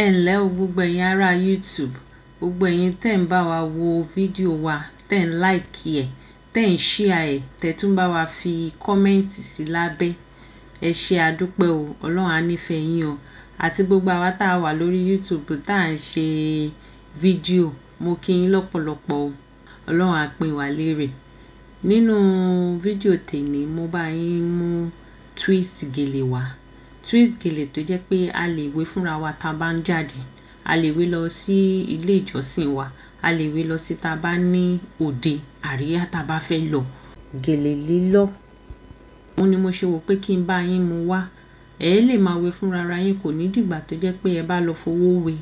ẹ ǹlẹ́ o gbogbo ẹ̀yin ará youtube gbogbo ẹ̀yin tẹ́ ń bá wa wo fídíò wa tẹ́ ń láìkì ẹ̀ tẹ́ ń ṣíà ẹ̀ tẹ́ tún bá wa fi kọ́mẹ́ǹtì sí lábẹ́ ẹ ṣe àdúpẹ́ o ọlọ́run á nífẹ̀ẹ́ yín o àti gbogbo àwa tá a wà lórí youtube tá à ń ṣe fídíò mo kí yín lọ́pọ̀lọpọ̀ o ọlọ́run á pín wa lérè nínú fídíò tèmi mo bá yín mú twist gèlè wá twist gèlè tó jẹ́ pé a lè wé fúnra wa tá a bá ń jáde a lè wé lọ sí ilé ìjọsìn wa a lè wé lọ sí tá a bá ní òde àríyá tá a bá fẹ́ lọ. gèlè lílọ́ òun ni mo ṣe wò pé kí n bá yín mu wá ẹ e lè máa wé fúnra ara yín kò ní dìgbà tó jẹ́ pé ẹ bá lọ fowó wé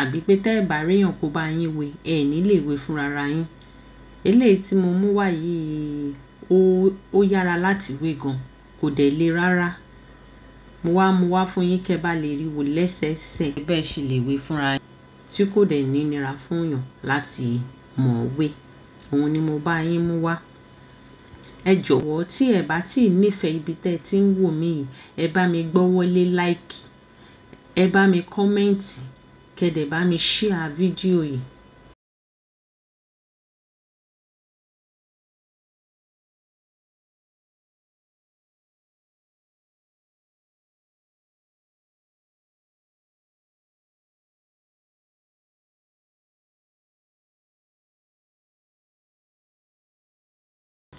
àbí pé tẹ́ ẹ̀ bá réèyàn kó bá yín wé ẹ ní lè wé fúnra ara yín eléyìí tí mo mú wá yìí ó yára láti wé gan kò dẹ̀ le rárá mo wá mu wá fún yín kẹ́ bá lè rí wò lẹ́sẹẹsẹ bẹ́ẹ̀ ṣe lè wé fúnra yín tí kò dẹ̀ ní nira fún yàn láti mọ̀ wé òun ni mo bá yín mú wá ẹ jọ̀wọ́ tí ẹ bá tí ì nífẹ̀ẹ́ ibi tẹ́ ẹ ti ń wò mí yìí ẹ bá mi gbọ́wọ́lé láìkì ẹ bá mi kọ́mẹ́ǹtì kẹ́dẹ̀ bá mi ṣíà fídíò yìí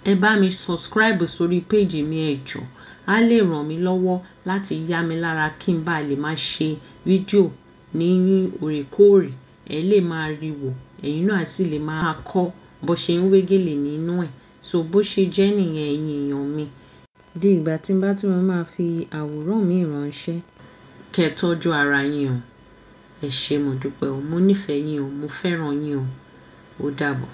ẹ bá mi subscribe sórí page mi ẹ jọ̀ọ́ á lè ràn mí lọ́wọ́ láti yá mi lára kí n bá lè máa ṣe fídíò ní òrèkóòrè ẹ lè máa rí wò ẹ̀yin náà sì lè máa kọ́ bó ṣe ń wé gèlè nínú ẹ̀ so bó ṣe jẹ́ nìyẹn ẹ̀yin èèyàn mi. di ìgbà tí n bá tún máa fi àwòrán mi ránṣẹ́. kẹ́ ẹ tọ́jú ara yín o ẹ ṣé mo dúpẹ́ o mo nífẹ̀ẹ́ yín o mo fẹ́ràn yín o ó dàbọ̀.